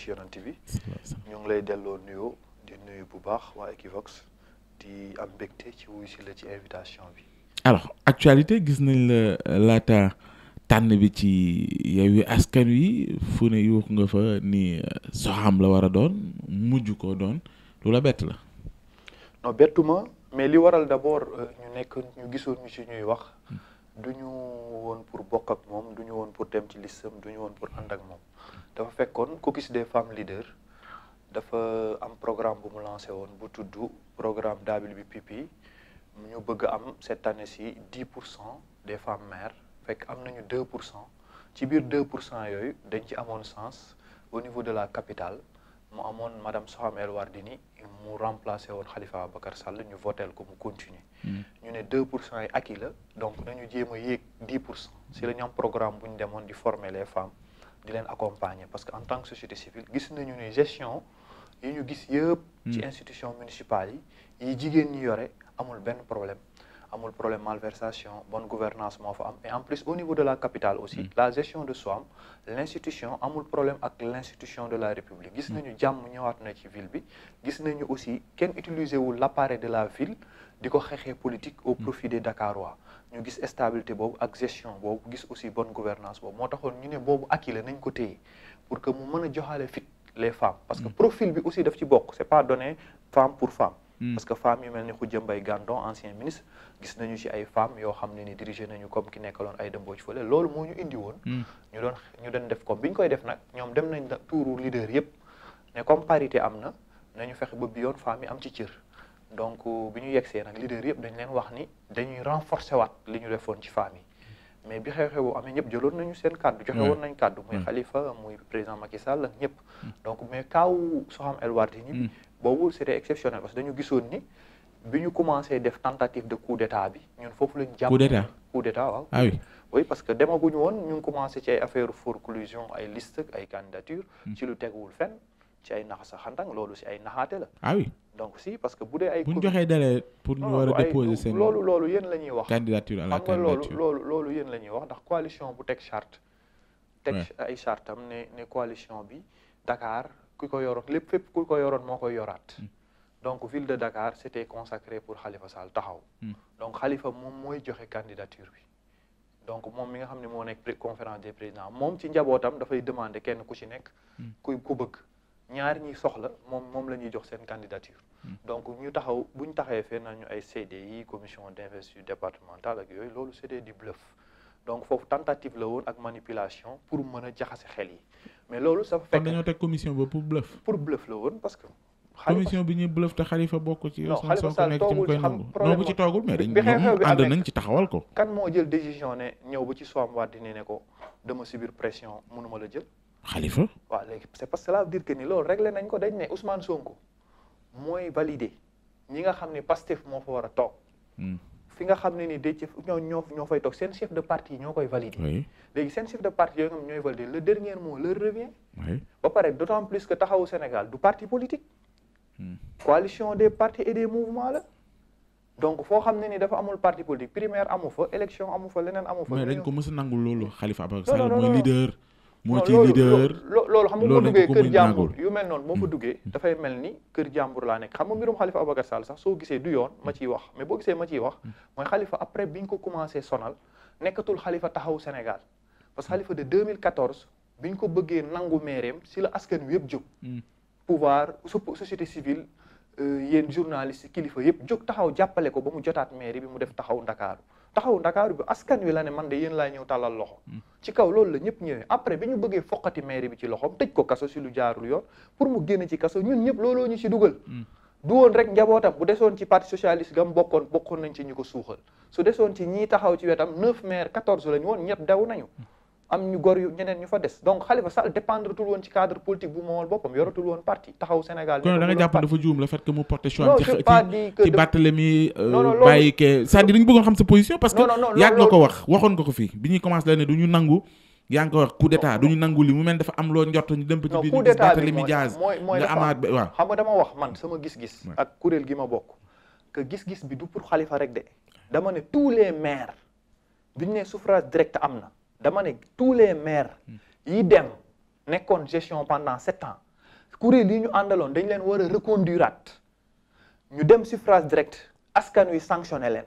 ci yonent bi ñu ngi lay delloo nuyoo di nuyu bu baax waa Equivox di am mbégte ci wuy si la ci invitation bi alors actualité gis nañ la euh, laata tànn bi ci Yewwi Askan Wi fu ne yuux nga fa ni euh, soxam la war a doon mujj ko doon lu la bett la non bettuma mais li waral d'abord euh, ñu nekk ñu gisoon ñu ci ñuy wax hmm. du ñu woon pour bokk ak moom du ñu woon pour dem ci listam du ñu woon pour and ak moom dafa fekkoon caucus des femmes leaders dafa am programme bu mu lancé woon bu tuddu programme WPP ñu bëgg am cette année si dix pour cent des femmes fekk am nañu deux pour cent ci biir deux pour cent yooyu dañ ci amoon sens au niveau de la capital mu amoon madame Soham El Wardini mu remplacé woon Khalifa Ababacar Sall ñu voteel ko mu continuer hmm. ñu ne deux pour cent yi acquis la donc nañu jéema a yéeg 10 pour cent si la ñu am programme bu ñu demoon di former les femmes di leen accompagner parce que en tant que société civile gis nañu ne gestion yi ñu gis yëpp. Hmm. ci institution municipale yi yi jigéen ñi yore amul benn problème. amul problème malversation bonne gouvernance moo fa am et en plus au niveau de la capitale aussi hmm. la gestion de Soham l'institution amul problème ak l'institution de la République gis hmm. nañu jàmm ñëwaat na ci ville bi gis nañu aussi kenn utiliser wul l'appareil de la ville di ko xeexee politique au hmm. profit des Dakarois ñu gis stabilité boobu ak gestion boobu gis aussi bonne gouvernance boobu moo taxoon ñu ne boobu acquis la nañ ko téye pour que mu mën a joxaale fit les femmes parce que profil bi aussi daf ci bokk c'est pas donné femme pour femme Mm. parce que femmes yu mel ni Khoudia Mbaye Gandon ancien ministre gis nañu ci ay femmes yoo xam ne ni dirigé nañu comme ki nekkaloon ay dëmbooj fële loolu moo ñu indi woon mm. ñu doon ñu doon def ko bi koy def nag ñoom dem nañ tuuru leader comme parité am na nañu fexe ba bi yoon femmes am ci cër donc euh, bi ñu yegsee nag leader yëpp dañ leen wax ni dañuy renforcer waat li ñu defoon ci femmes yi mais bi xew-xew boo amee ñëpp jëloon nañu seen kàddu joxe woon mm. nañ kàddu muy Khalifa muy président Macky Sall ak ñëpp donc mais kaaw Soham El Wardini boobu c'était exceptionnel parce que dañu gisoon ni bi ñu commencé def tentative de coup d'état bi ñun foofu lañ jàpp coup d'état coup waaw ah parce que demaguñu woon ñu ngi commencé ci ay affaire forclusion ay list ay candidature hmm. ci lu teguwul fenn ci ay naxa sa xantang loolu si ay naxaate la ah donc si parce que bu dee ay bu ñu joxee délai pour ñu war a déposer loolu loolu yéen la ñuy wax candidature à la candidature loolu loolu yéen la ñuy wax ndax coalition bu teg charte teg ay charte am ne ne bi Dakar ku ko yoroon lépp fépp ku ko yoroon moo koy yoraat hmm. donc ville de Dakar c'était consacré pour Khalifa Sall taxaw hmm. donc xalifa moom mooy joxe candidature bi donc moom mi nga xam ne moo nekk conférence des présidents moom ci njabootam dafay demander kenn ku ci nekk hmm. ku ku bëgg ñaar ñi soxla moom moom la ñuy jox seen candidature donc ñu taxaw bu ñu taxawee fee nañu ay CDI commission d'investiture départementale ak yooyu loolu c'était du bluff donc foofu tentative la woon ak manipulation pour mën a jaxase xel yi mais loolu ça fekk dañoo teg commission ba pour bluff. la woon parce que. commission bi ñuy bluff te xalifa bokk ci. non xalifa Sall toogul ci xam problème waaw léegi c'est parce que cela veut dire loolu réglé nañ ko dañ ne Ousmane Sonko mooy validé ñi nga xam ne fu moo fa war a toog. Hmm. fi nga xam ne ni Déthié ñoo ñoo ñoo fay toog seen chef de parti ñoo koy valider léegi seen chef de parti yooyu ñoom ñooy valider le dernier mot leur revient ba pare d'autant que taxawu Sénégal du parti politique hmm. coalition des partis et des mouvements la donc foo xam ne ni dafa amul parti politique primaire amu fa élection amu fa leneen amu fa mais dañ ko mës a nangul loolu Khalifa Ababacar Sall mooy leader moo ci leader loolu xam nga moo duggee kër jàmbur yu mel noonu moo fa hmm. duggee dafay mel ni kër jàmbur laa nekk xam nga mbirum xalifa Ababacar Sall sax soo gisee du yoon ma hmm. ciy wax mais boo gisee ma ciy wax hmm. mooy xalifa après bi ñu ko commencé sonal nekkatul xalifa taxaw Sénégal parce que xalifa de 2014 bi ñu ko bëggee nangu meereem si la askan wi yëpp jóg pouvoir société civile euh, yéen journaliste kilifa yëpp jóg taxaw jàppale ko ba mu jotaat mairie bi mu def taxaw Ndakaaru taxaw ndakaaru bi askan wi la ne man de yéen laay ñëw tàllal loxo hmm. ci kaw loolu la ñëpp ñëwee après bi ñu bëggee foqati maire bi ci loxoom tëj ko kaso si lu jaarul yoon pour mu génn ci kaso ñun ñëpp looloo ñu si dugal hmm. du rek njabootam bu desoon ci parti socialiste gam bokkoon bokkoon nañ ci ñu ko suuxal su desoon ci ñii taxaw ci wetam neuf maire quatorze la ñu woon ñëpp daw nañu hmm. am ñu gor yu ñeneen ñu fa des donc Khalifa Sall dépendre tul woon ci cadre politique bu moomal boppam yoratul woon parti taxaw Sénégal. kon da nga jàpp dafa juum le fait que euh, xam sa position. parce que yàgg nga ko wax waxoon nga ko ñu nangu. yaa ngi ko wax coup d'état du ñu nangu loo njort ñu dem. ci biir ñu gis Barthélemy Diaz nga amaat waaw xam nga dama sama gis-gis. ak kuréel gi ma bokk. que gis-gis bi du pour Khalifa rek de. dama ne tous les maires bi ñu ne suffrage direct am na dama ne tous les maires hmm. yi dem nekkoon gestion pendant sept ans kuréel yi ñu àndaloon dañ leen war a reconduiraat ñu dem suffrage direct askan wi sanctionné leen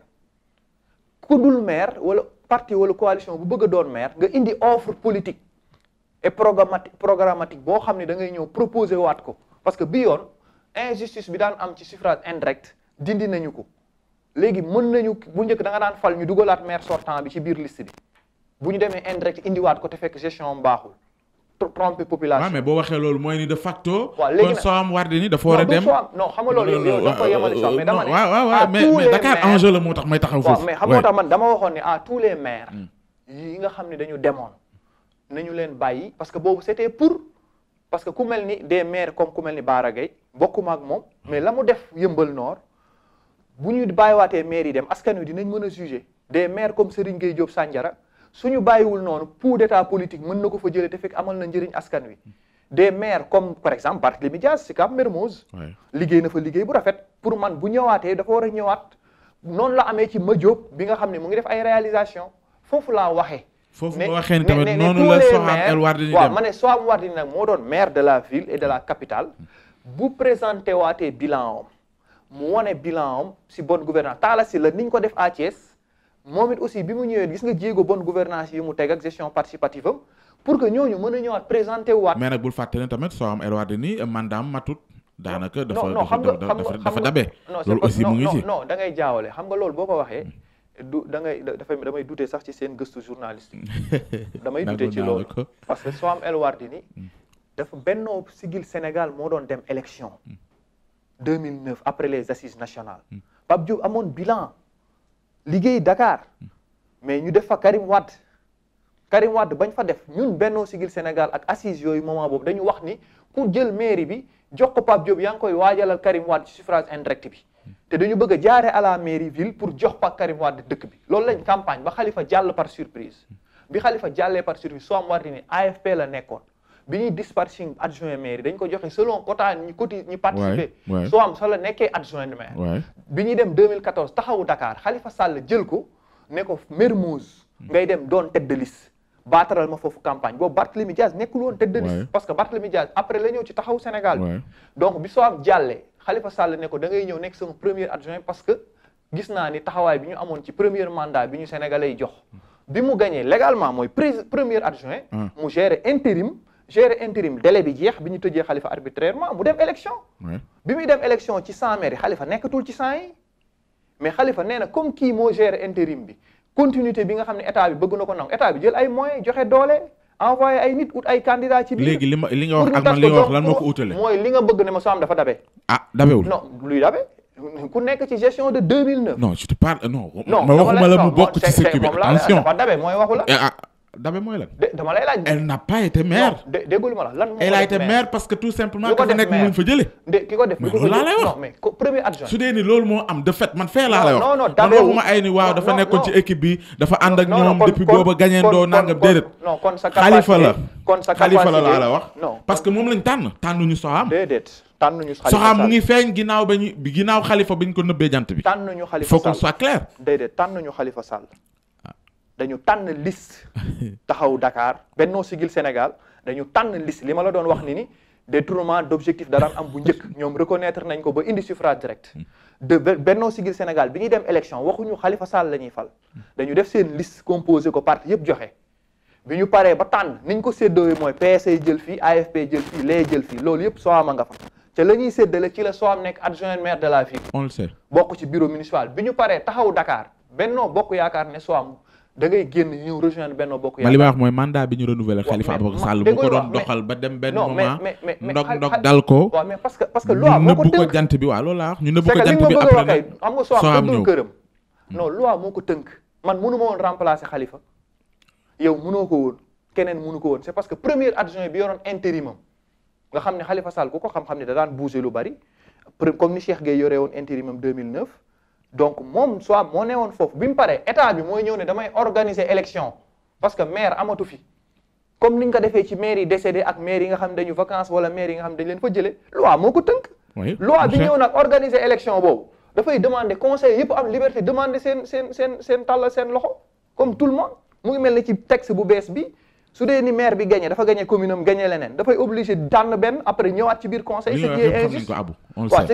ku dul maire wala parti wala coalition bu bëgg doon maire nga indi offre politique et programmatique programmatique boo xam ne da ngay ñëw proposer waat ko parce que bii yoon injustice bi daan am ci suffrage indirect dindi nañu ko léegi mën nañu bu njëkk da nga daan fal ñu dugalaat maire sortant bi ci biir liste bu ñu demee indirect indiwaat ko te fekk gestion baaxul. tromper population. waaw mais boo waxee loolu mooy ni de facto. waaw léegi nag kon war a dem. non moo tax may taxaw foofu. mais xam nga tax man dama waxoon ne à tous les maires. Hmm. yi nga xam ne dañu demoon. nañu leen bàyyi parce que boobu c'était pour parce que ku mel ni des maires comme ku mel ni Bara Gaye bokkuma ak moom mais la mu def yëmbal noor bu ñu bàyyiwaatee maires yi dem askan wi dinañ mën a juger des maires comme Serigne Gueye jo Sandiara suñu bàyyiwul noonu coup d'état politique mën na ko fa jëlee te fekk amal na njëriñ askan wi de maire comme par exemple Barthélémy Dias Sicap Mermoz liggéey na fa liggéey bu rafet pour man bu ñëwaatee dafa war a ñëwaat noonu la amee ci Madiop bi nga xam ne mu ngi def ay réalisation foofu laa waxee foofu nga waxee ni tamit noonu la Soham waaw ma ne Soham Wardini nag moo doon maire de la ville et de la capitale mm. bu présenté waatee bilan am mu wane bilan am si bonne gouvernance taala si la niñ ko def à moom it aussi bi mu ñëwee gis nga jéego bonne gouvernance yi mu teg ak gestion participative am pour que ñooñu mën a ñëwaat présenté waat. mais nag bul fàtte ne tamit soo am Edouard Denis mandaam matut. daanaka dafa dafa dafa dabe. loolu aussi mu ngi sax ci seen gëstu journaliste damay dute ci loolu parce que soo am Edouard Denis mm. dafa bennoo sigil Sénégal moo doon dem élection 2009 mm. après les assises nationales mm. Pape Diop amoon bilan liggéey Dakar mais ñu def fa Karim Wade Karim Wade bañ fa def ñun Benno Siggil Sénégal ak assise yooyu moment boobu dañu wax ni pour jël mairie bi jox ko Pape Diop yaa ngi koy waajalal Karim Wade ci suffrage indirect bi te dañu bëgg a jaare à la ville pour jox pa Karim Wade dëkk bi loolu lañ campagne ba xalifa jàll par surprise bi Khalifa jàllee par surprise soo am war ni AFP la nekkoon bi ñuy dispatching adjoint maire dañ ko joxe selon quota ñi coti ñi participer soo am nekkee adjoint maire bi ñuy dem 2014 taxawu Dakar Khalifa salla jël ko ne ko Mermoz hmm. ngay dem doon tête de liste baataral ma foofu campagne boobu Barthélemy Diaz nekkul woon tête de liste parce que Barthélemy Diaz après la ñëw ci taxawu Sénégal bi donc bi soo jallee jàllee Khalifa Sall ne ko da ngay ñëw nekk sama premier adjoint parce que gis naa ni taxawaay bi ñu amoon ci premier mandat bi ñu sénégalais yi jox hmm. bi mu gañee légalement mooy premier adjoint ah. mu géré intérim gérer intérim délai bi jeex bi ñu tëjee xalifa arbitrairement mu dem élection bi muy dem élection ci cent maires yi xalifa nekkatul ci cent mais xalifa nee na comme kii moo gérer intérim bi continuité bi nga xam ne état bi bëgg na ko nangu état bi jël ay moyens joxe doole envoyé ay nit ut ay candidat ci biir li ma li nga wax ak man moo ko utale mooy li nga bëgg ne ma soo am dafa dabe ah dabewul non luy dabe ku nekk ci gestion de 2009 non je te parle ma waxuma la Dabe mooy lan. dama lay laaj. elle n'a pas été maire. dé parce que tout simplement. ki ko def nekk mu fa jëlee. de ki ko def loolu laa lay wax. su dee ni loolu moo am de fait man fee laa lay wax. non non ay ni waaw dafa nekkoon ci équipe bi. dafa ànd ak ñoom depuis booba gañeendoo nangam déedéet. xalifa la. xalifa la laa la wax. non que moom lañ tànn tànnuñu soxaam. déedéet. tànnuñu soxaam mu ngi feeñ ginnaaw ba ñu ginnaaw xalifa bi ñu ko nëbbee jant bi. tànnuñu xalifa Sall faut qu'on soit clair. déedéet tànnuñu xalifa Sall dañu tànn liste taxaw Dakar Benno Siggil Sénégal dañu tànn liste li ma la doon wax ni ni détournement d'objectif da daan am bu njëkk ñoom reconnaître nañ ko ba indi suffrage direct hmm. de Benno Siggil Sénégal bi ñu dem élection waxuñu xalifa Sall la ñuy fal dañu def seen liste composé ko parti yëpp joxe bi ñu paree ba tànn niñ ko séddoowee mooy PSC jël fii AFP jël fii lee jël fii loolu yëpp soo am a nga fa ca la ñuy séddale ci la soo nekk adjoint maire de la fi on le sait bokk ci bureau bi ñu paree taxaw Dakar da génn ñëw rejoindre Benno Bokk Yaakaar. ma li ma wax mooy mandat bi ñu renouveler Khalifa Ababacar Sall bu ko doon doxal ba dem benn moment ndog ndog dal ko. waaw mais parce que parce que loi moo ko ñu nëbbu ko jant bi waaw loolu ñu nëbbu ko jant bi après nag soo hmm. ma woon remplacer Khalifa yow mënoo ko woon keneen mënu ko woon c'est parce que premier adjoint bi yoroon intérimam nga xam ne Khalifa Sall ku ko xam-xam ne da daan bouger lu bari comme ni Cheikh Gueye yoree woon intérimam donc moom soit moo ne woon foofu bi mu paree état bi mooy ñëw ne damay organiser élection parce que maire amatu fi comme ni ñu ko defee ci maire yi décédé ak maire yi nga xam dañu vacance wala maire yi nga xam dañ leen fa jëlee moo ko tënk. loi bi ñëw nag organiser élection boobu dafay demander conseil yëpp am liberté demande seen seen seen seen loxo comme tout le monde mu ngi mel ne ci texte bu bees bi. su dee ni maire bi gañee dafa gagné commune am gagné leneen dafay obligé tànn benn après ñëwaat ci biir conseil ce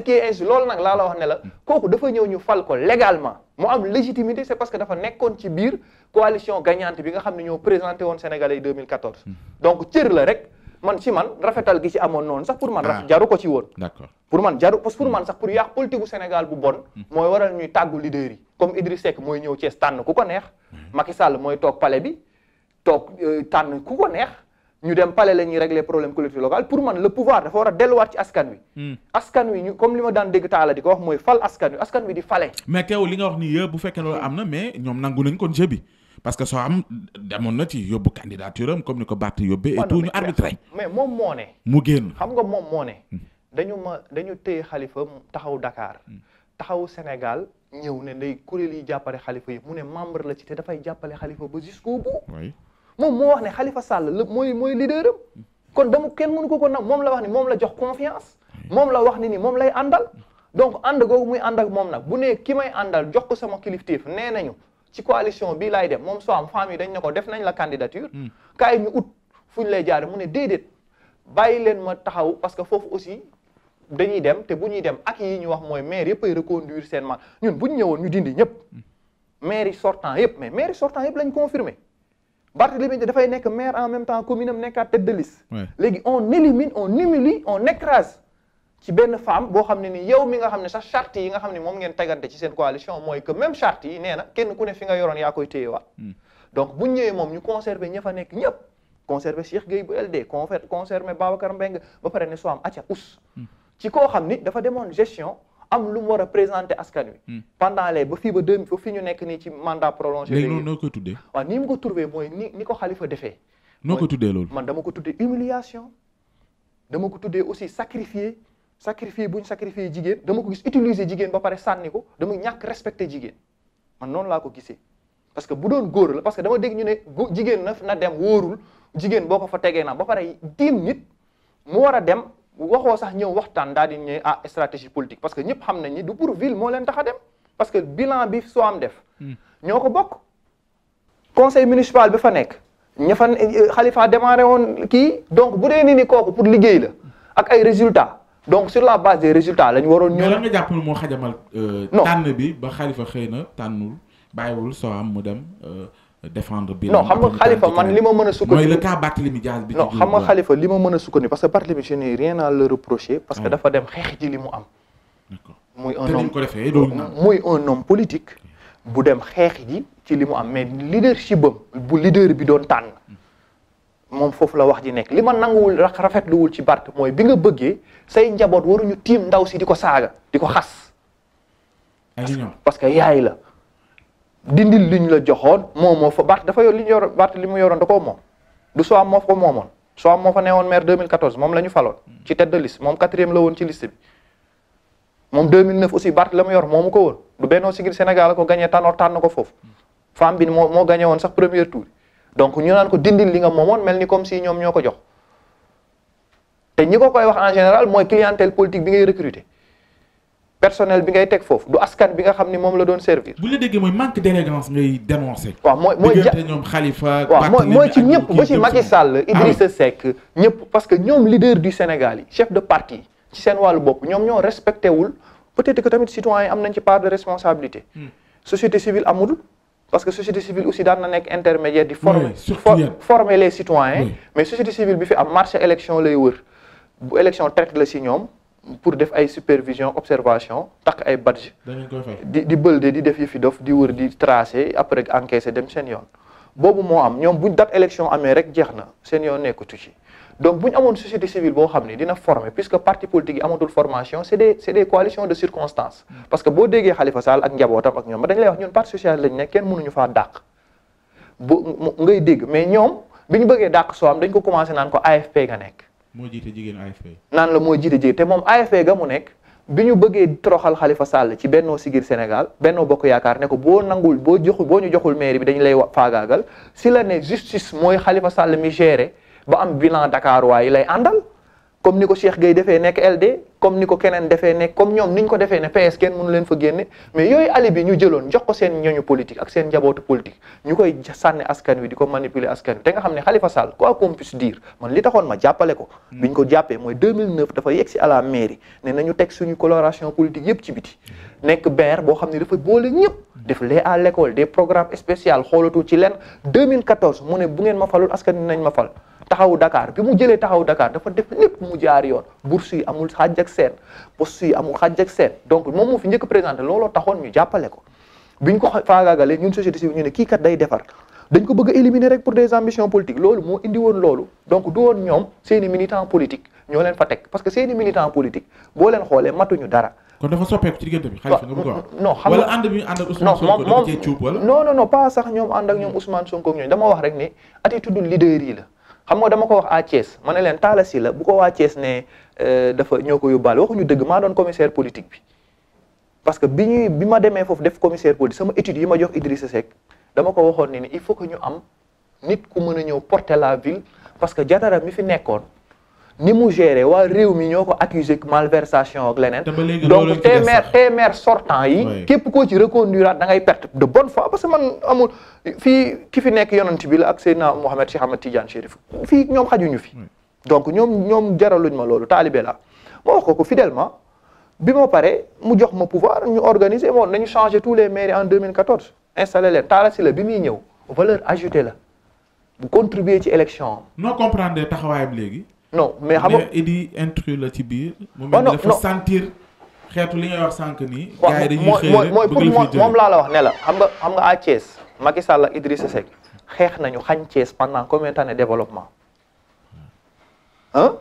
qui est injuste nag laa la wax ne la kooku dafa ñëw ñu fal ko légalement mu am légitimité c'est parce que dafa nekkoon ci biir coalition gagnante bi nga xam ne ñoo présenté woon Sénégalais yi 2014 hmm. donc cër la rek man ci man rafetal gi ci amoon noonu sax pour man raf ah. jaru ko ci woon d'accord pour man jaru parce que pour hmm. man sax pour yàq politique Sénégal bu bon hmm. mooy waral ñuy tàggu leader yi comme Idriss mooy ñëw Thiès tànn ku ko neex Macky Sall mooy toog bi toog euh, tànn ku ko neex ñu dem palais la ñuy régler problème collectivité locale pour man le pouvoir dafa war a delluwaat ci askan wi. Hmm. askan wi ñu comme li ma daan dégg taala di ko wax mooy fal askan wi askan wi di fale. mais kew li nga wax nii yëpp bu fekkee loolu am na mais ñoom nangu nañ kon jeu bi parce que soo am demoon na ci yóbbu candidature comme ni ko Barth yóbbee. et tout ñu arbitré. mais moom moo ne. mu génn xam nga moom moo ne. Hmm. dañu ma dañu téye xalifa taxaw Dakar. Hmm. taxaw Sénégal ñëw ne day kuréel yi jàppale xalifa yi mu ne membre la ci te dafay jàppale xalifa ba jusqu'au bout. moom moo wax ne xalifa Sall la mooy mooy leader kon dama kenn mënu ko ko nag moom la wax ni moom la jox confiance moom la wax ni ni moom lay àndal donc ànd googu muy ànd moom nag bu ne ki may àndal jox ko sama kilifteef nee nañu ci coalition bi laay dem moom soo am femme yi dañ ne ko def nañ la candidature hmm. kaay ñu ut fu ñu lay jaare mu ne déedéet bàyyi leen ma taxaw parce que foofu aussi dañuy dem te bu ñuy dem ak yi ñu wax mooy maire yëpp ay reconduire seen man ñun bu ñu ñëwoon ñu dindi ñëpp hmm. maire yi sortant yëpp mais maire yi sortant yëpp lañ confirmé Barthélémy Dias dafay nekk maire en même temps commune am nekkaat tête de liste. léegi on élimine on humilie on écrase benn femme boo xam ne ni yow mi nga xam ne sax charte yi nga xam ne moom ngeen tegante ci seen coalition mooy que même charte yi nee kenn ku ne fi nga yoroon yaa koy téyewaat. Hmm. donc bu ñëwee moom ñu conserver ña fa nekk ñëpp. conserver Cheikh Gueye bu LD conserver Babacar Mbengue ba pare ne soo atia us. Hmm. ci koo xam ni dafa demoon gestion. am lu mu war a présenter askan wi. Hmm. pendant les ba fii ba deux ba fii ñu nekk nii ci mandat prolongé. léegi noonu noo koy tuddee. waaw ni mu ko trouvé mooy ni ni ko xalifa defee. noo ko tuddee loolu. man dama ko tuddee humiliation dama ko tuddee aussi sacrifié sacrifié bu ñu sacrifié jigéen dama ko gis utiliser jigéen ba pare sànni ko dama ñàkk respecté jigéen man noonu laa ko gisee. parce que bu doon góor la parce que dama dégg ñu ne jigéen na na dem wóorul jigéen boo ko fa tegee na ba pare diim nit mu war a dem waxoo sax ñëw waxtaan daal di ñëw ah stratégie politique parce que ñëpp xam nañ ni du pour ville moo leen tax a dem parce que bilan bi soo am def. Hmm. ñoo ko bokk. conseil municipal bi fa nekk. ña fa xalifa euh, démarré woon kii donc bu dee ni ni kooku pour liggéey la ak ay résultat donc sur la base des résultats lañ waroon. ñëw mais lan nga jàpp moo xajamal. Euh, non tànn bi ba xalifa xëy na tànnul bàyyiwul soo am mu dem. Euh, défendre bi non xam nga xalifa man li ma mën a sukkandiku mooy le cas bi non xam nga xalifa li ma mën a sukkandiku parce que Barthélemy je n'ai rien à le reprocher parce que dafa dem xeex ji li mu am muy un homme muy un homme politique bu dem xeex ji ci li mu am mais leadership bam bu leader bi doon tànn moom foofu la wax ji nekk li ma nanguwul rafetluwul ci Barth mooy bi nga bëggee say njaboot waruñu tiim ndaw si di ko saaga di ko xas parce que yaay la dindil li ñu la joxoon moo moo fa Barth dafa yor li ñu yor Barth li mu yoroon da ko moom du soo am ko moomoon soo am moo fa newoon maire 2014 moom la ñu faloon ci tête de liste moom quatrième la woon ci liste bi moom 2009 aussi Barth la mu yor moomu ko woon du Benno Siggil Sénégal ko gagné tànnoor tànn ko foof femme bi moo moo gagné woon sax premier tour donc ñu naan ko dindil li nga moomoon mel ni comme si ñoom ñoo ko jo te ñi ko wax en général mooy clientèle politique bi ngay recruter. personnel bi ngay teg foofu du askan bi nga xam ni moom la doon servir. bu la déggee mooy manque d'élégance ngay dénoncer. waaw mooy mooy ci ñëpp ba ci Macky Sall. Ah Idrissa parce que ñoom leader du Sénégal yi chef de parti ci seen wàllu bopp ñoom ñoo respecté wul peut-être que tamit citoyen yi am nañ ci part de responsabilité. Hmm. société civile amul. parce que société civile aussi daan na nekk intermédiaire di former former les citoyens mais société civile bi fi am marché élection lay wër bu élection traite la si ñoom pour def ay supervision observation takk ay badge di di bëlde di def yëfi dof di wër di tracé après encaissé dem seen yoon boobu moo am ñoom buñ date élection amee rek jeex na seen yoon nekkatu ci donc bu amoon société civile boo xam ne dina former puisque parti politique yi amatul formation c' est des c' est des coalitions de circonstances parce que boo déggee Khalifa Sall ak njabootam ak ñoom dañ lay wax ñun parti socialiste lañ ne kenn mënuñu faa dàq ngay dégg mais ñoom bi ñu bëggee dàq soo am dañ ko commencé naan ko AFP nga nekk moo jiite jigéenu AFP. naan la moo jiite jigéen te moom AFP ga mu nekk bi ñu bëggee troxal xalifa Sall ci Benno Siggil Sénégal Benno Bokk Yaakaar ne ko boo nangul boo joxul boo ñu joxul mairie bi dañu lay faagaagal si la ne justice mooy Khalifa Sall mi géré ba am bilan Dakar waaye lay àndal. comme ni ko Cheikh Gueye defee nekk LD comme ni ko keneen defee nekk comme ñoom ni ñu ko defee ne PS kenn mënu leen fa génne mais yooyu ali bi ñu jëloon jox ko seen ñooñu politique ak seen njabootu politique ñu koy sànni askan wi di ko manipuler askan wi te nga xam ne Khalifa Sall quoi qu'on puisse dire man li taxoon ma jàppale ko. Hmm. bi ko jàppee mooy 2009 dafa yegg si à la mairie ne nañu teg suñu coloration politique yëpp ci biti hmm. nekk beer boo xam ne dafa boole ñëpp. def lee à l'école des programmes spéciaux xoolatu ci leen 2014 mu ne bu ngeen ma falul askan nañ ma fal taxawu Dakar bi mu jëlee taxaw Dakar dafa def lépp mu jaar yoon bourse yi amul xaaj ak seen poste yi amul xaaj ak seen donc moom moo fi njëkk présenté looloo taxoon ñu jàppale ko biñ ko faagaagalee ñun société civile ñu ne kii kat day defar dañ ko bëgg a éliminer rek pour des ambitions politiques loolu moo indi woon loolu donc du woon ñoom seeni militant politique ñoo leen fa teg parce que seeni militant politique boo leen xoolee matuñu dara. kon dafa soppeeku ci a wax. non sax ñoom ànd ak ñoom Ousmane Sonko ñooñu dama wax rek ne attitude leader yi la xam nga dama ko wax à Thiès ma ne leen Talla Sylla bu ko waa Thiès ne euh, dafa ñoo ko yóbbaale waxuñu dëgg maa doon commissaire politique bi parce que bi ma demee foofu def commissaire politique sama yi ma jox Idrissa dama ko waxoon ne ni il faut que ñu am nit ku mën a ñëw porter la ville parce que jatara mi fi nekkoon ni mu géré waa réew mi ñoo ko accusé malversation ak leneen donc tes maire tes maire yi képp koo ci reconduiraat da ngay perte de bonne foi parce que man amul fii ki fi nekk yonent bi la ak Seydina Mohamed Cheikh Ahmed Tidiane Chérif fii ñoom ñu fi donc ñoom jara jaraluñ ma loolu taalibe la ma wax ko ko fidèlement bi ma pare mu jox ma pouvoir ñu organiser installé leen Talla la bi muy ñëw valeur ajouté la bu contribuer ci élection no comprendre taxawaayam léegi. no mais xam nga mais Idi la ci biir. mu mel oh, dafa xeetu li sànq nii. gars yi dañuy xëy moom laa la wax ne la xam nga xam nga à Thiès. Macky Sall ak Idrissa xeex nañu xañ Thiès pendant combien de développement ah.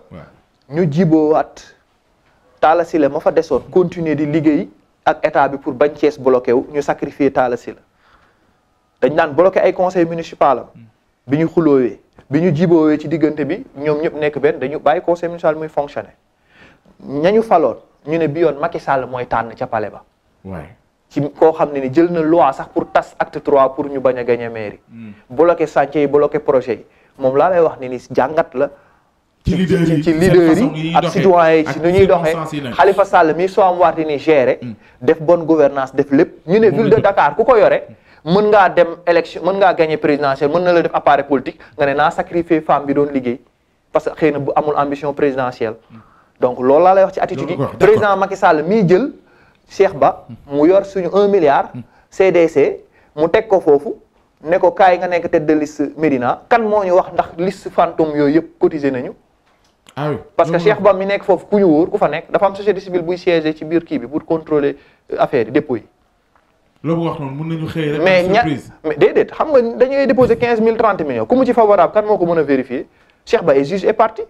ñu jiboowaat Talla la ma fa desoon continuer di liggéey ak état bi pour bañ Thiès bloqué wu ñu sacrifier Talla la dañ daan bloqué ay conseil municipal am hmm. bi ñu xuloowee bi ñu jiboowee ci diggante bi ñoom ñëpp nekk benn dañu bàyyi conseil municipal muy fonctionné ñañu faloon ñu ne bi yoon Macky Sall mooy tànn ca palais ba ci koo xam ne ni jël na loi sax pour tas acte trois pour ñu bañ a gagné mairie hmm. bloqué chantier yi bloqué projet yi moom laa lay wax ne ni jàngat la ci leader yi ak citoyen yi ci nu ñuy doxee Khalifa Sall mi soo am waati ni géré hmm. def bonne gouvernance def lépp ñu ne de Dakar ku ko mën ngaa dem élection mën ngaa gagner présidentielle mën na la def appareil politique nga ne naa sacrifier femme bi doon liggéey parce que xëy na bu amul ambition présidentielle. donc loolu laa lay wax ci attitude yi. président Macky Sall mii jël Cheikh Ba. mu yor suñu un milliard. CDC hmm. mu teg ko foofu. ne ko kaay nga nekk tête de liste Médina kan moo ñu wax ndax list fantôme yooyu yëpp cotisé nañu. ah oui parce que Cheikh Ba mi nekk foofu ku ñu wóor ku fa nekk dafa am société civile buy siégé ci biir kii bi pour contrôler euh, affaire yi la mu wax noonu mun nañu xëy mais ña mais déedéet xam nga dañuy déposé quinze mille trente millions ku mu ci favorable kan moo ko mën a vérifier Cheikh Ba est juge et partie.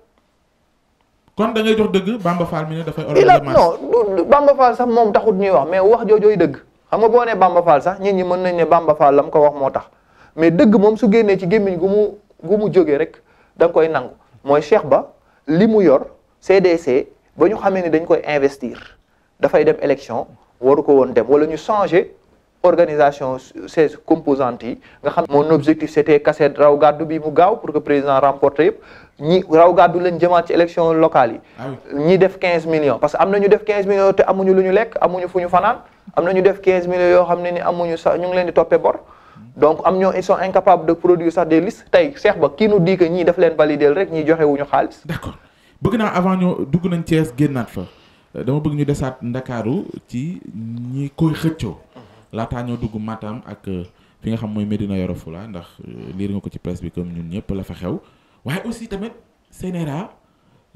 kon da jox dëgg Bamba Fall mi ne sax moom taxut ñuy wax mais wax joojooy dëgg xam nga boo nee Bamba Fall sax ñit ñi mën nañ ne Bamba Fall la mu ko wax moo tax mais dëgg moom su génnee ci gémmiñ gu mu gu mu jógee rek danga koy nangu mooy Cheikh Ba li mu yor CDC ba ñu xamee ne dañ koy investir dafay dem élection waru ko woon dem wala ñu changer. organisation ces composantes yi nga xam mon objectif c'était casser raw gàddu bi mu gaaw pour que président remporte yi ah ñi def quinze parce que am na ñu def quinze millions yoo xam ne ni amuñu sax ñu ngi leen di toppee bor donc am ñoo ils sont incapables de produire sax des listes tey Cheikh Ba kii nu di ñii daf leen valider rek ñii joxe xaalis d'accord bëgg naa avant ñoo dugg nañ Thiès génnaat fa dama bëgg ñu desaat Ndakaaru ci ñi koy xëccoo laataa ñoo dugg Matam ak euh, fi nga xam mooy Medina Yoro Fula ndax euh, liir nga ko ci presse bi comme ñun ñëpp la fa xew waaye aussi tamit CNRA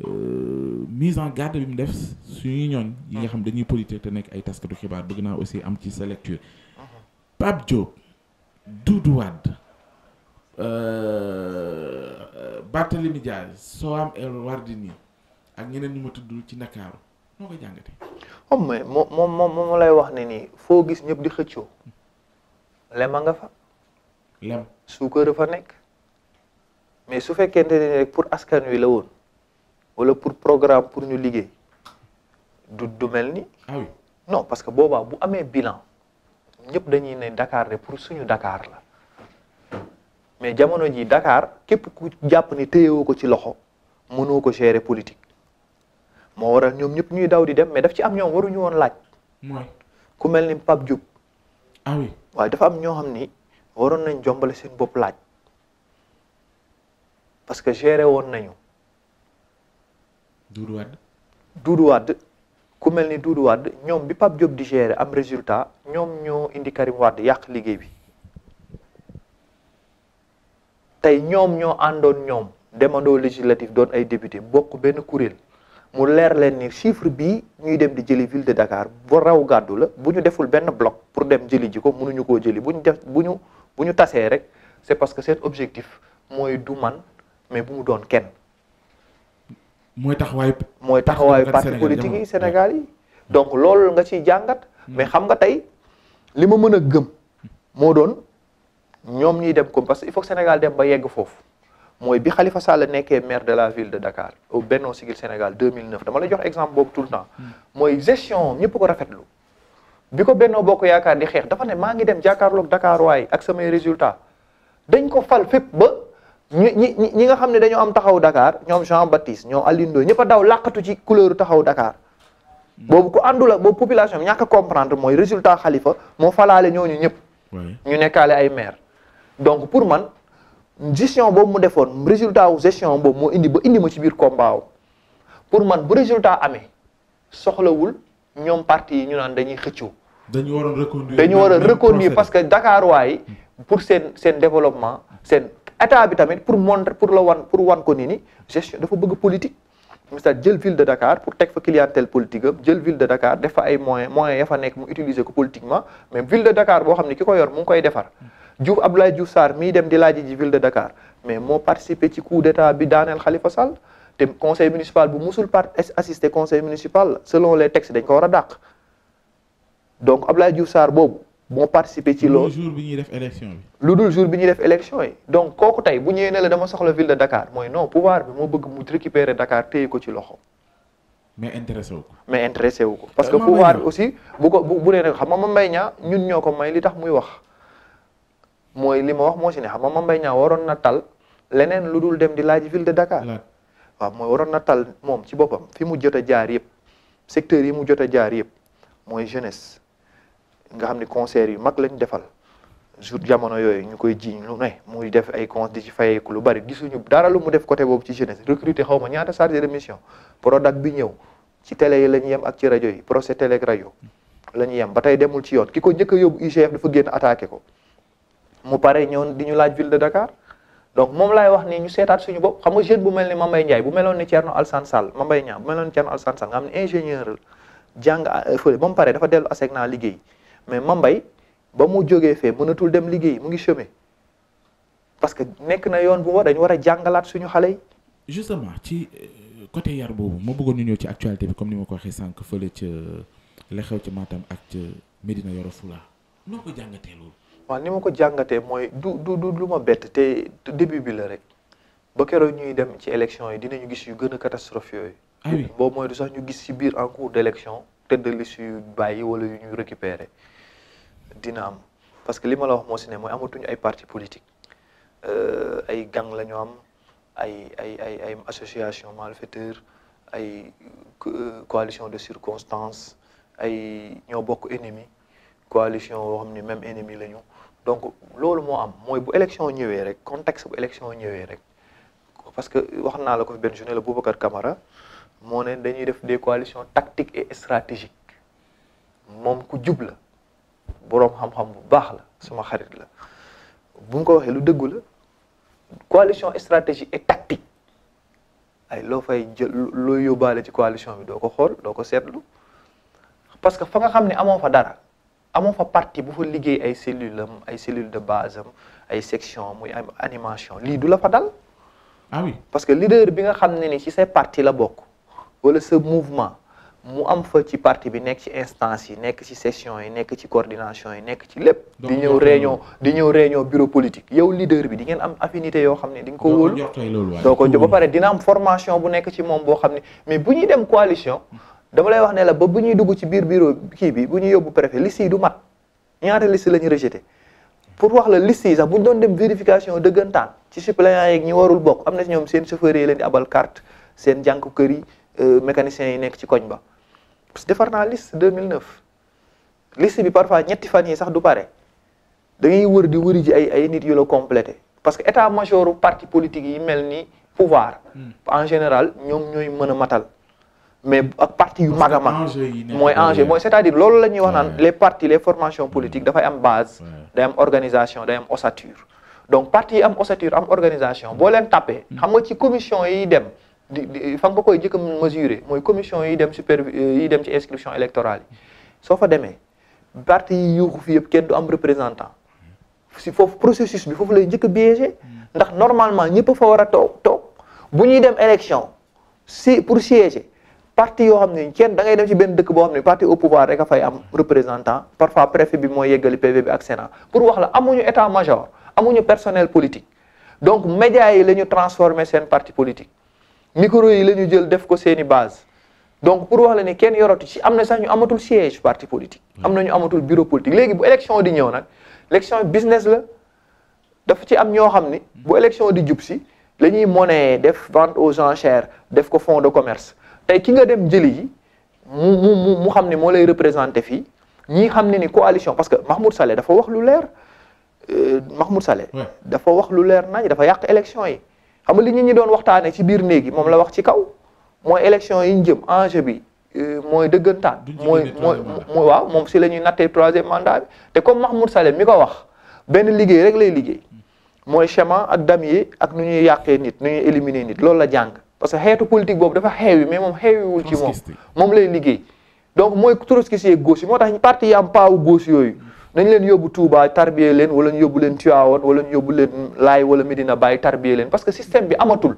euh, mise en garde bi mu def suñuy ñooñ yi nga xam dañuy politique te nekk ay taskatu xibaar bëgg naa aussi am ci sa lecture Pape Diop Doudou Wade Barthélémy Dias Soham El Wardini ak ñeneen ñu ma tudd ci Ndakaaru noo koy jàngatee. xam nga moom moom moom lay wax ne nii foo gis ñëpp di xëccoo lem a nga fa. lem suukar fa nekk. mais su fekkente ne rek pour askan wi la woon wala pour programme pour ñu liggéey du du mel ni. ah oui non parce que boobaa bu amee bilan ñëpp dañuy ne Dakar de pour suñu Dakar la. mais jamono ji Dakar képp ku jàpp ni téyewoo ko ci loxo mënoo ko gérer politique moo waral ñoom ñëpp ñuy daw di dem mais daf ci am ñoom waruñu woon laaj. ku mel ni Pape Diop. ah dafa am ñoo xam ni waroon nañ jombale seen bopp laaj parce que gere woon nañu. Doudou Wade. Doudou ku mel ni Doudou Wade ñoom bi Pape Diop di géré am résultat ñoom ñoo indi Karim Wade yàq liggéey bi tey ñoom ñoo àndoon ñoom demandoo législatif doon ay député bokk benn kuréel. mu leer leen ni chiffre bii ñuy dem di jëli ville de Dakar bu raw gàddu la bu ñu deful benn bloc pour dem jëli ji ko mënuñu koo jëli bu ñu def bu ñu bu ñu tasee rek c'est parce que cet objectif mooy du man mais bu mu doon kenn. mooy taxawaayu. mooy taxawaayu parti politique Sénégal yi. donc loolu nga ciy jàngat. Hmm. mais xam nga tey li ma mën a gëm moo doon ñoom ñuy dem ko parce que il faut Sénégal dem ba yegg foofu. mooy bi Khalifa Sall nekkee maire de la ville de Dakar au Benno Siggil Sénégal 2009 dama lay jox exemple boobu tout temps hmm. mooy gestion ñëpp ko rafetlu bi ko Benno Bokk Yaakaar ni xeex dafa ne maa ngi dem jàkkaarloog Dakar waay ak samay résultat dañ ko fal fépp ba ñi ñi nga xam ne dañoo am taxaw Dakar ñoom Jean Baptiste ñoom Alindo ñëpp a daw làqatu ci couleur taxaw Dakar hmm. boobu ko àndul ak boobu population bi ñàkk a comprendre mooy résultat Khalifa moo falaale ñooñu ñëpp ñu nekkaale ay maire donc pour gestion boobu mu defoon résultat wu gestion boobu moo indi ba indi ma ci biir combat wu pour man bu résultat amee soxlawul ñoom parti yi ñu naan dañuy xëccoo. dañu war a reconduire dañu war a reconduire parce que Dakar waay pour seen seen développement seen état bi tamit pour montrer pour la wan pour wan ko ni ni gestion dafa bëgg politique. c'est-à-dire jël ville de Dakar pour teg fa clientèle politique jël ville de Dakar def ay moyens moyens ya nekk mu utiliser ko politiquement mais ville de boo xam ne ki ko yor mu ngi koy defar. Diouf Abdoulaye Diouf Sarr mii dem di laaji ji ville de Dakar mais moo participé ci coup d'état bi daaneel Khalifa Sall te conseil municipal bu musul part assister conseil municipal selon les textes dañ ko war a dàq donc Abdoulaye Diouf Sarr boobu moo participé ci loo lu dul jour bi ñuy def élection yi. lu dul jour bi ñuy def élection yi donc kooku tey bu ñëwee ne la dama soxla ville de Dakar mooy non pouvoir bi moo bëgg mu récupérer Dakar téye ko ci loxo. mais intéressé wu ko. mais intéressé wu ko parce que pouvoir bi aussi ko bu bu nee xam nga Mame Mbaye Niang ñun ñoo ko may li tax muy wax. mooy li ma wax moo si ne xam nga Mame waroon na tal leneen lu dul dem di laaj ville de Dakar. waaw mooy waroon na tal moom ci boppam fi mu jot a jaar yëpp secteurs yi mu jot a jaar yëpp mooy jeunesse nga xam ni concert yu mag lañ defal jour jamono yooyu ñu koy jiiñ lu ne muy def ay cons di fayeeku lu bari gisuñu dara lu mu def côté boobu ci jeunesse recruter xaw ma ñaata chargé de mission Prodac bi ñëw ci télé yi la ñu yem ak ci rajo yi procès télé ak la ñu yem ba tey demul ci yoon ki ko njëkk a yóbbu dafa génn attaqué ko. mu pare ñëw di ñu laaj ville de Dakar donc moom laay wax ni ñu seetaat suñu bopp xam nga jeune bu mel ni Mambay Ndiaye bu meloon ni Thierno Alassane Sall Mambay Niang bu meloon ni Thierno Alassane Sall nga xam ne ingénieur jàng euh, fële ba mu pare dafa dellu ASECNA liggéey mais Mambay ba mu jógee fee mënatul dem liggéey mu ngi chômer parce que nekk na yoon bu mu dañu war a jàngalaat suñu xale yi. justement ci euh, côté yar boobu mu buggoon ñu ñëw ci actualité bi comme ni ma ko waxee sànq fële ca euh, la xew ci Matam ak ca Medina Yoro Fula noo ko jàngatee waaw ni ma ko jàngatee mooy du du du lu ma bett te début bi rek ba keroog ñuy dem ci élection yi dinañu gis yu gën a catastrophe yooyu. ah oui boobu mooy du sax ñu gis ci biir en cours d' élection tëdd yu bàyyi wala yu ñu récupérer dina am parce que li ma la wax moo si ne mooy amatuñu ay parti politique euh, ay gang la am ay ay ay ay association malfaiteur ay euh, coalition de circonstance ay ñoo bokk ennemi coalition boo xam ni même ennemi la ñu donc loolu moo am mooy bu élection ñëwee rek context bu élection ñëwee rek parce que wax naa la ko fi benn journée la Boubacar Camara moo ne dañuy def des coalitions tactiques et stratégiques moom ku jub la boroom xam-xam bu baax la suma xarit la bu mu ko waxee lu dëggu la coalition stratégique et tactique ay loo fay jël loo yóbbaale ci coalition bi doo ko xool doo ko seetlu parce que fa nga xam ne amoo fa dara amoo fa partie bu fa liggéey ay cellules am ay cellules de base am ay section muy animation lii du la fa dal. Ah parce que leader bi nga xam ne ni ci say parti la bokk wala sa mouvement mu am fa ci parti bi nekk ci instance yi nekk ci section yi nekk ci coordination yi nekk ci lépp. di ñëw réunion di ñëw réunion bureau politique yow leader bi di ngeen am affinité yoo xam ne di nga ko wóolu. doo ko jox ba pare dina am formation bu nekk ci moom boo xam ne mais bu ñuy dem coalition. dama lay wax ne la ba bu ñuy dugg ci biir bureau kii bi bu ñuy yóbbu préfet liste yi du mat ñaata liste la ñu rejeté pour wax la liste yi sax bu ñu doon dem vérification dëggantaan ci suppléants yeeg ñi warul bokk am na ci ñoom seen chauffeur yi leen abal carte seen jànku kër yi euh, mécaniciens yi nekk ci koñ ba parce que defar naa liste 2009 liste bi parfois ñetti fan yi sax du pare da ngay wër di wëri ji ay ay nit yu la complété parce que état major parti politique yi mel ni pouvoir hmm. en général ñoom ñooy mën a matal mais ak parti yu mag mag mooy enjeu mooy c'est-à-dire loolu la ñuy wax naan les partis les formations politiques dafay am base day organisation day am ossature donc parti am ossature am organisation boo leen tapé xam nga ci commission yi dem di fa nga koy jëkk mesurer mooy commission yi dem super yi dem ci inscription électorale soo fa demee parti yi yuuxu fi yëpp kenn du am représentant si foofu processus bi foofu lay njëkk a biaisé mm. ndax normalement ñëpp a fa war a toog toog bu ñuy dem élection si pour siéger parti yoo xam ne kenn dangay ngay dem ci benn dëkk boo xam ne parti au pouvoir rek a fay am représentant parfois préfet bi mooy yeggali PV ak Sénat pour wax la amuñu état amuñu personnel politique donc médias yi la ñu transformé seen parti politique micro yi la ñu jël def ko seeni base donc pour wax la ne kenn yoratu ci am na sax ñu amatul siège parti politique. Hmm. am na ñu amatul bureau politique léegi bu élection di ñëw nag élection business la dafa ci am ñoo xam ni hmm. bu élection di jub si la ñuy monnaie def vente aux enchères def ko fonds de commerce. tey ki nga dem jëli yi mu mu mu xam ne moo lay représenté fii ñii xam ne ni coalition parce que Mahmoud Saleh dafa wax lu leer euh, Mahmoud Saleh. dafa wax lu leer nañ dafa yàq élection yi. xam nga li ñu ñi doon waxtaanee ci biir néegi moom la wax ci kaw mooy élection yi ñu jëm enjeu bi euh, mooy dëggantaan. mooy mooy mooy waaw moom si la ñuy nattee troisième mandat te comme Mahmoud Saleh mi ko wax benn liggéey rek lay liggéey mooy chemin ak damier ak nu ñuy yàqee nit nu ñuy éliminer nit loolu la jàng. parce que xeetu politique boobu dafa xeewi mais moom xeewiwul ci moom lay liggéey donc mooy trotskiste yeeg gauche yi moo tax parti yi am paawu gauche yooyu nañ leen yóbbu Touba tarbiye leen wala ñu yóbbu leen Tivaouane wala ñu yóbbu leen Laay wala Medina Baye tarbiye leen parce que système bi amatul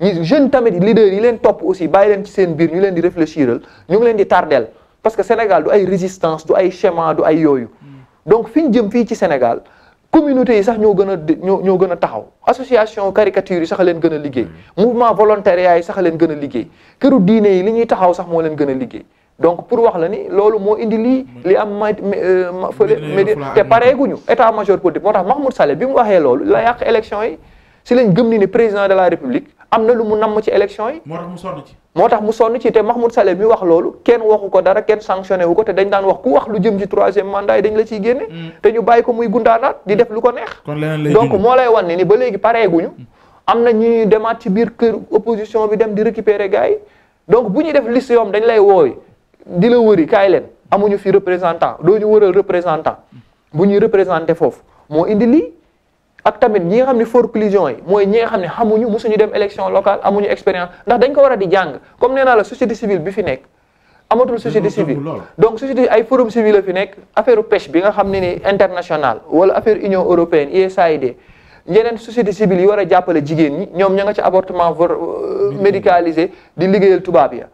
ñu jeune tamit leaders yi leen topp aussi bàyyi leen ci seen biir ñu leen di réfléchiral ñu ngi leen di tardel parce que Sénégal du ay résistance du ay schéma du ay yooyu mm. donc fi ñu jëm fii ci Sénégal communauté yi sax ñoo gën a ñoo a taxaw association caricature yi sax leen gën a liggéey hmm. mouvement volontaire yi sax leen gën a liggéey këru diine yi li ñuy taxaw sax moo leen gën a liggéey donc pour wax la ni loolu moo indi lii li am ma euh, fële te pareeguñu état major politique moo tax Mahmoud Saleh bi mu waxee loolu la yàq élection yi si lañ gëm ni président de la république am na lu mu namm ci élection yi. moo tax mu sonn ci. moo tax mu sonn ci te Mahmoud Saleh mi wax loolu kenn waxu ko dara kenn sanctionné wu ko te dañ daan wax ku wax lu jëm ci troisième mandat yi dañ la ciy génne. Mm. te ñu bàyyi ko muy gundaanaat di def lu ko neex. donc moo lay wan ne ni ba léegi ñu mm. am na ñuy demaat ci biir kër opposition bi dem di récupérer gars yi donc bu ñuy def liste yoom dañ lay wooy di la wëri kaay leen amuñu fi représentant doo ñu wëral représentant mm. bu ñuy représenté foofu moo indi lii. ak tamit ñi nga xam ne forclusion yi mooy ñi nga xam ne xamuñu mosuñu dem élection locale amuñu expérience ndax dañ ko war a di jàng comme nee naa la société civile bi fi nekk amatul société civile donc société ay forum civil la fi nekk affaire pêche bi nga xam ne ni international wala affaire union européenne USAID yeneen société civile yi war a jàppale jigéen ñi ñoom ña nga ci avortement euh, médicalisé di liggéeyal tubaab ya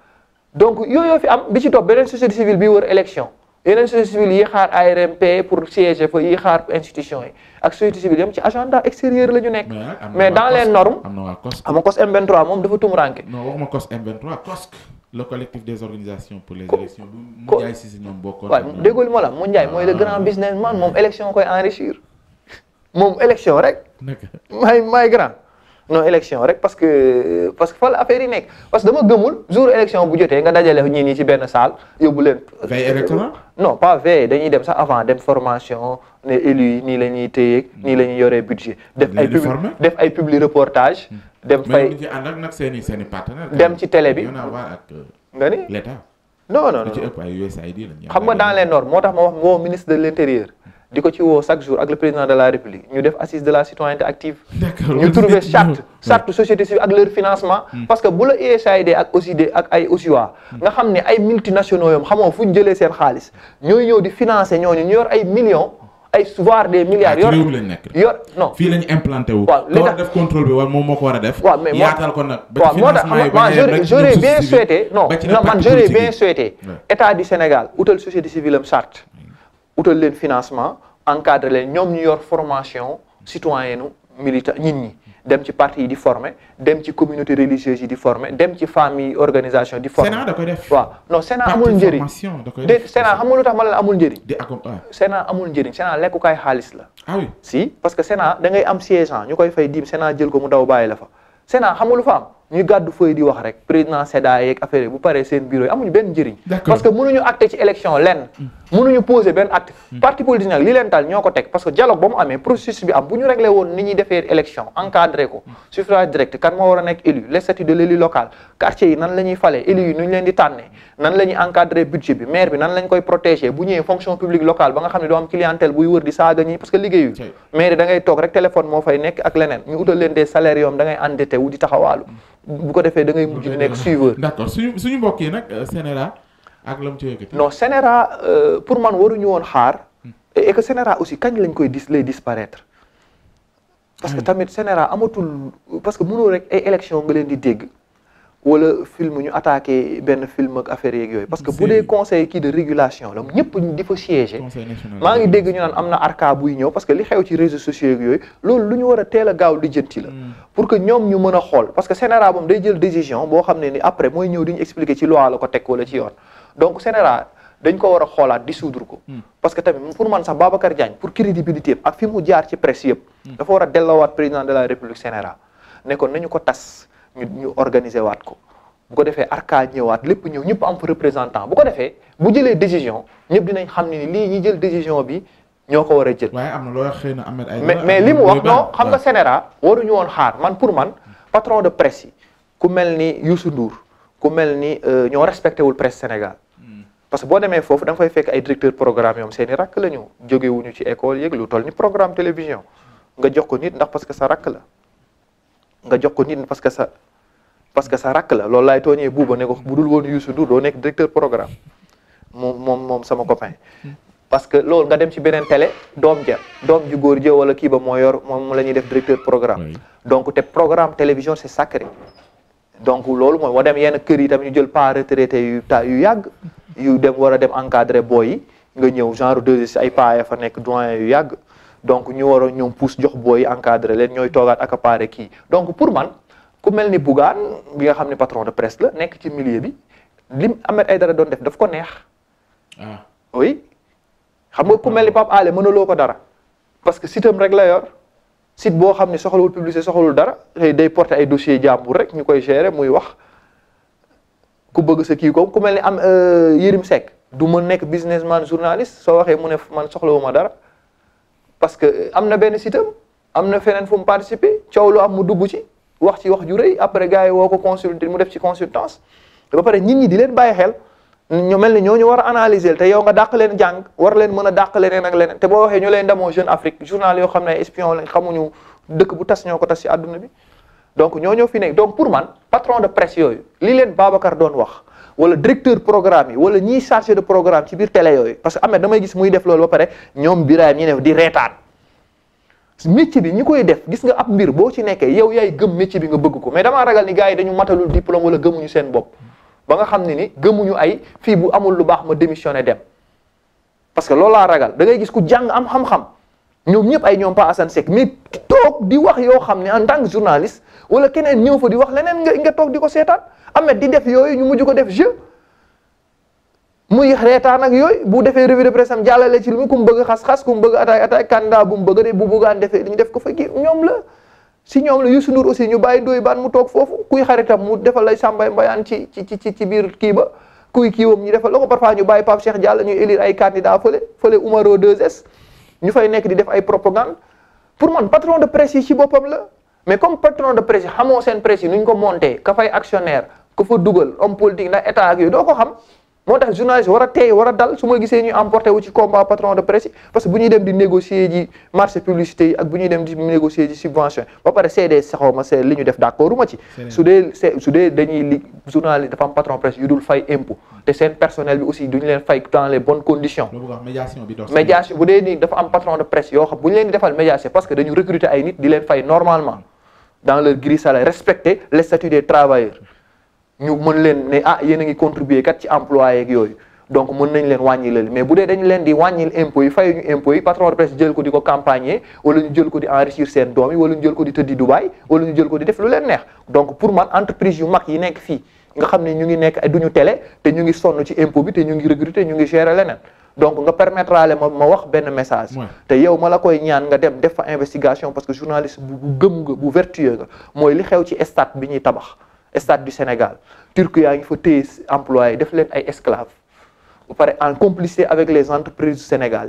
donc yooyu fi am bi ci topp beneen société civile bi wër élection yeneen société civile yi xaar ARMP pour siéger fa yi xaar institution yi ak société civile yëpp ci agenda extérieur la ñu nekk. mais dans les normes. am na waa COSC am na COSC M23 moom dafa tum ranke. non waxuma COSC M23 COSC. le collectif des organisations pour les élections. mu Ndiaye si si ñoom bokkoon. waaw déggul mu Ndiaye mooy le ah. grand businessman moom élection koy enrichir moom élection rek. may non élection rek parce que parce que fa la affaire nekk parce que dama gëmul jour élection bu jotee nga dajale ñii ñi ci benn salle yóbbu leen. veille électorale non pas dañuy dem sa avant dem formation ne élu yi nii la ñuy téyeeg ni la ñuy yoree budget. Hmm. def ay def ay publi reportage. Hmm. dem fay mais ànd ak nag seen dem ci télé bi euh, nga ni l'état non non non xam nga dans les normes moo tax ma wax moo ministre de l'intérieur. di ko ci woo chaque jour ak le président de la république ñu def assise de la citoyenneté active ñu trouver charte charte société civile ak leur financement hmm. parce que bu la USAID e ak OCDE ak ay nga xam ne ay multinationaux yom xamoo fu ñu jëlee seen xaalis ñooy ñëw di financer ñooñu ñu yor ay million ay voire des milliards ah, yor lañ nekk yor non fii lañ implanté wu def contrôle bi wala moom moo ko war a def waaw mais bien souhaité état du Sénégal utal société civile am charte utal leen financement encadré leen ñoom ñu yor formation citoyenne militaire nit ñi dem ci parti yi di forme dem ci communauté religieuse yi di former dem ci famille organisation di former Sénat da koy def amul njëriñ dé Sénat xam nga lu tax ma amul njëriñ Sénat amul njëriñ Sénat lekkukaay xaalis la ah si parce que Sénat da ngay am siège ñu koy fay dim sena jël ko mu daw bàyyi la fa Sénat xam nga lu fa am ñuy gàddu feuille di wax rek président SEDA yeeg affaire bu paree seen bureau yi amuñu benn njëriñ. parce que mënuñu acté ci élection lenn. Hmm. mënuñu posé benn acte. Hmm. parti politique li leen ñoo ko teg parce que dialogue ba mu amee processus bi am bu ñu réglé woon ni ñuy defee élection encadré ko hmm. suffrage direct kan moo war nekk élu les statuts nan la ñuy falee élu yi leen di tànnee nan la ñuy encadré budget bi maire bi nan lañ koy protégé bu ñëwee fonction publique locale ba nga xam ne doo am clientèle buy wër di saaga ñi bu ko defee da ngay mujj nekk suiveur. d'accord suñu suñu mbokk nag CNRA euh, ak la mu ci yëkkati euh, pour man waruñu woon xaar. Hmm. et que aussi kañ lañ koy dis lay disparaître. parce que tamit CNRA amatul parce que mënoo rek ay élection nga leen di dégg. wala film ñu attaqué benn film ak affaire yeeg yooyu parce que bu dee conseil kii de régulation la ñëpp di fa siégé maa ngi dégg ñu naan am na arca buy ñëw parce que li xew ci réseaux sociaux yooyu loolu lu ñu war a teel a gaaw la hmm. pour que ñoom ñu mën a xool parce que CNRA moom day jël décision boo xam ne ni après mooy ñëw di ñu expliquer ci loi la ko teg wala ci yoon donc CNRA dañ ko war a xoolaat dissoudre ko hmm. parce que tamit pour man sax Babacar pour crédibilité ak fi mu jaar ci presse yëpp hmm. dafa war a dellowaat président de la république CNRA ne ko nañu ko tas ñu ñu organiser waat ko bu ko defee arca ñëwaat lépp ñëw ñëpp en fa représentant bu ko defee bu jëlee décision ñëpp dinañ xam ne ni lii ñi jël décision bi ñoo ko war a jël. waaye na loo xëy na Ahmed ay mais li mu wax non xam nga CNRA waruñu woon xaar man pour man patron de presse yi ku mel ni su nduur ku mel ni euh, ñoo respecté wul presse Sénégal. Hmm. parce que boo demee foofu da nga fekk ay directeur programme yoom seen i rakk la ñu ci école yéeg lu toll ni programme télévision nga jox ko nit ndax parce que sa rakk la. nga jox ko nit parce que sa parce que sa rakk la loolu laay tooñee buuba ne ko bu dul woon Youssou Ndour doo nekk directeur programme moom moom moom sama copain. parce que loolu nga dem ci beneen télé doom ja doom ju góor ja wala kii ba moo yor moom la ñuy def directeur programme. donc te programme télévision c'est sacré. donc loolu mooy wa dem yenn kër yi tamit ñu jël pas retraité yu ta yu yàgg yu dem war a dem encadré booy yi nga ñëw genre deux ay paa ya fa nekk doyen yu yàgg. donc ñu waroon ñoom pousse jox booy encadré leen ñooy toogaat aka appareil kii donc pour man ku mel ni Bougane bi nga xam ne patron de presse la nekk ci milieu bi lim Ahmed Aïdara doon def daf ko neex. waaw ah. xam nga ku mel ni Pape ale mënuloo ko dara parce que sitam rek la yor. site boo xam ne soxlawul publicité soxlawul dara day porter ay dossier jàmbur rek ñu koy gérer muy wax ku bëgg sa kii ko ku mel ni am euh, Yérim Seck du ma nekk businessman journaliste soo waxee mu ne man soxlawuma dara parce que euh, am na benn sitam am na feneen fu mu participer coow lu am mu dugg ci wax ci wax ju rëy après gars woo ko consulté mu def ci consultance ba pare nit ñi di leen bàyyi xel ñu mel ni ñoo ñu war a analyser te yow nga dàq leen jàng war leen mën a dàq leneen ak leneen te boo waxee ñu leen demoo Jeune Afrique journal yoo xam ne espion lañ xamuñu dëkk bu tas ñoo ko tas ci àdduna bi donc ñoo ñoo fi nekk donc pour man patron de presse yooyu li leen Babacar doon wax. wala directeur programme yi wala ñiy chargé de programme ci biir télé yooyu parce que am na damay gis muy def loolu ba pare ñoom biraayam ñi ne di reetaan métier bi ñi koy def gis nga am mbir boo ci nekkee yow yaay gëm métier bi nga bëgg ko mais damaa ragal ni gars yi dañu matalul diplôme wala gëmuñu seen bopp ba nga xam ne ni gëmuñu ay fii bu amul lu baax ma démissionné dem parce que loolu laa ragal dangay gis ku jàng am xam-xam ñoom ñëpp ay ñoom Pa Assane Seck mais toog di wax yoo xam ne en tant que journaliste wala keneen ñëw fa di wax leneen nga nga toog di ko seetaan amet di def yooyu ñu mujj ko def jeu muy reetaan ak yooyu bu defee revue de presse xas-xas ku mu bëgg attaque attaque candidat bu de def ko fa kii ñoom la si ñu bàyyi doy baan mu toog foofu kuy xaritam mu defal lay sàmbay mbayaan ci ci ci ci biir kii ba kuy kii wam ñu defal ko parfois ñu bàyyi Pape Cheikh Diallo ñu élire ay candidat fële fële Umaro 2S ñu fay nekk di def ay propagande pour man patron de presse yi ci boppam la mais comme patron de presse yi xamoo seen presse yi ñu ko monté ka fay actionnaire ku fa dugal homme politique ndax état ak yooyu doo ko xam. moo tax journaliste war a teey war a dal su ma gisee ñuy emporté wu ci o patron de presse parce que bu ñuy dem di négocier ji marché publicité yi ak bu ñuy dem di négocier ji subvention ba pare CDS saxaw ma c'est li ñu def d'accordu ma ci su dee su dee dañuy li dafa am patron presse yu dul fay impôt te seen personnel bi aussi duñu leen fay dans dafa am patron de presse yoo xam bu ñu leen di defal médiation parce que dañu recruter ay nit di leen fay normalement dans leur ñu mën leen ne ah yéen a ngi contribuer kat ci emploi yeeg yooyu donc mën nañ leen wàññil leen mais bu dee dañ leen di wàññil impôts yi fayu ñu impôts yi patron de jël ko di ko campagne wala ñu jël ko di enrichir seen doom yi wala ñu jël ko di tëddi Dubaï wala ñu jël ko di def lu leen neex donc pour man entreprise yu mag yi nekk fii nga xam ne ñu ngi nekk duñu télé te ñu ngi sonn ci impôt bi te ñu ngi recruter ñu ngi gérer leneen donc nga permettre ale ma ma wax benn message te yow ma la koy ñaan nga dem def fa investigation parce que journaliste bu gëm nga bu vertueux nga mooy li xew ci stade bi ñuy tabax stade du Sénégal turc yaa ngi fa téye employé def leen ay esclaves ba pare en complicité avec les entreprises du Sénégal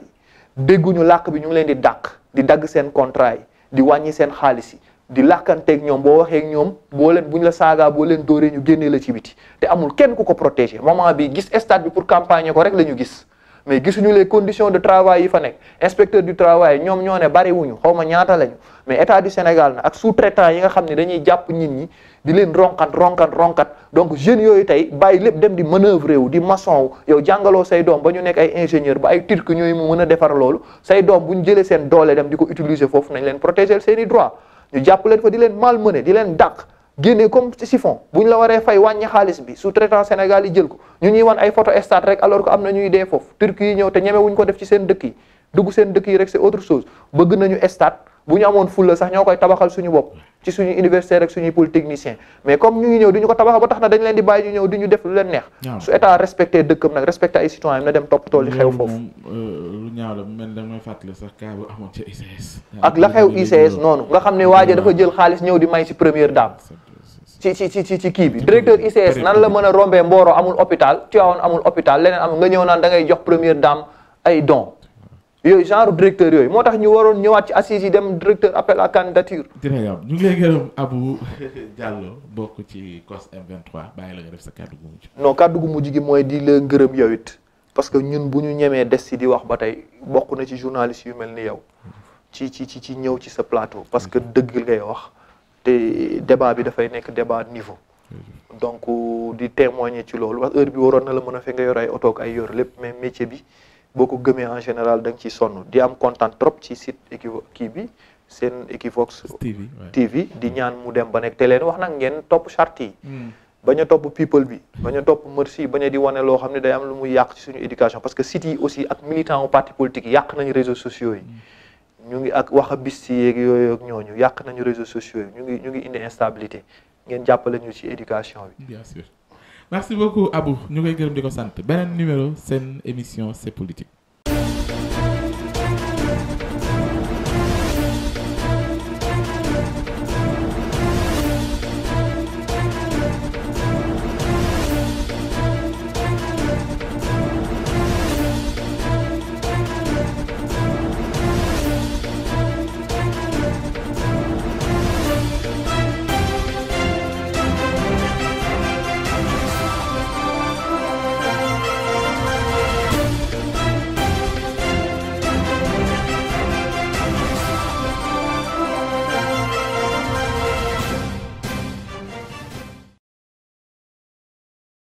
dégguñu làkk bi ñu ngi leen di dàq di dagg seen contrat yi di wàññi seen xaalis yi di làkkanteeg ñoom boo waxee ñoom boo leen bu la saagaa boo leen dóoree ñu génnee la ci biti te amul kenn ku ko protéger moment bi gis stade bi pour campagne ko rek la ñu gis mais gisuñu les conditions de travail yi fa nekk inspecteur du travail ñoom ñoo ne bari wuñu xaw ma ñaata lañu mais état du Sénégal na ak sous-traitant yi nga xam ne dañuy jàpp nit ñi di leen ronkat ronkat ronkat donc jeunes yooyu tey bàyyi lépp dem di manœuvrer wu di maçon wu yow jàngaloo say doom ba ñu nekk ay ingénieur ba ay turc ñooyu mu mën a defar loolu say doom bu ñu jëlee seen doole dem di ko utiliser foofu nañ leen protéger seen i droit ñu jàpp leen fa di leen malmener di leen dàq génnee comme siphon bu ñu la waree fay wàññi xaalis bi sous Sénégal yi jël ko ñu ñuy wan ay photo stade rek alors que am na ñuy dee foofu turki yi ñëw te ñeme wuñ ko def ci seen dëkk yi dugg seen dëkk yi rek c'est autre chose bëgg nañu stade bu ñu amoon fulla sax ñoo koy tabaxal suñu bopp ci suñu université rek suñuy polytechnicien mais comme ñu ngi ñëw di ñu ko tabaxal ba tax na dañ leen di ñu ñëw di ñu def lu leen neex su état respecté dëkkam nag respecté ay citoyen na dem toppatoo li xew foofu euh, lu ñaaw la mel damay fàttali sax cas bu amoon ak la xew ICS noonu nga xam ne waaje dafa jël xaalis ñëw di may si première dame ci ci kii bi directeur ICS nan la mën a rombee Mboro amul hôpital Tivaouane amul hôpital leneen am nga ñëw naan da jox première dame ay don yooyu genre directeur yooyu moo tax ñu waroon ñëwaat ci assises yi dem directeur appel à candidature. ñu ngi lay gërëm Abou Diallo ci COS M23 bàyyi la mooy di la gërëm yow it parce que ñun bu ñu ñemee des si di wax ba tey bokk na ci journaliste yu mel ni yow ci ci ci ci ñëw ci sa plateau parce que dëgg ngay wax te débat bi dafay nekk débat niveau. donc di témoigner ci loolu parce que heure bi waroon na la mën a fekk nga yor ay oto ak ay yor lépp mais métier bi. boo ko gëmee en général da nga ciy sonn di am kontaan trop ci site Equivox kii bi seen Equivox TV TV di mm. ñaan mu dem ba nekk te leen wax nag ngeen topp charte yi mm. bañ a topp people bi bañ a topp merci bañ di wane loo xam ne day am lu muy yàq suñu éducation parce que sites yi aussi ak militant u parti politique yàq nañu réseaux sociaux yi mm. ñu ngi ak wax a bis ci yooyu ñooñu yàq nañu réseaux sociaux yi ñu ngi ñu ngi indi instabilité ngeen jàppale ñu ci éducation bi bien merci beaucoup Abou ñu koy gërëm di ko sant beneen numéro seen émission c'est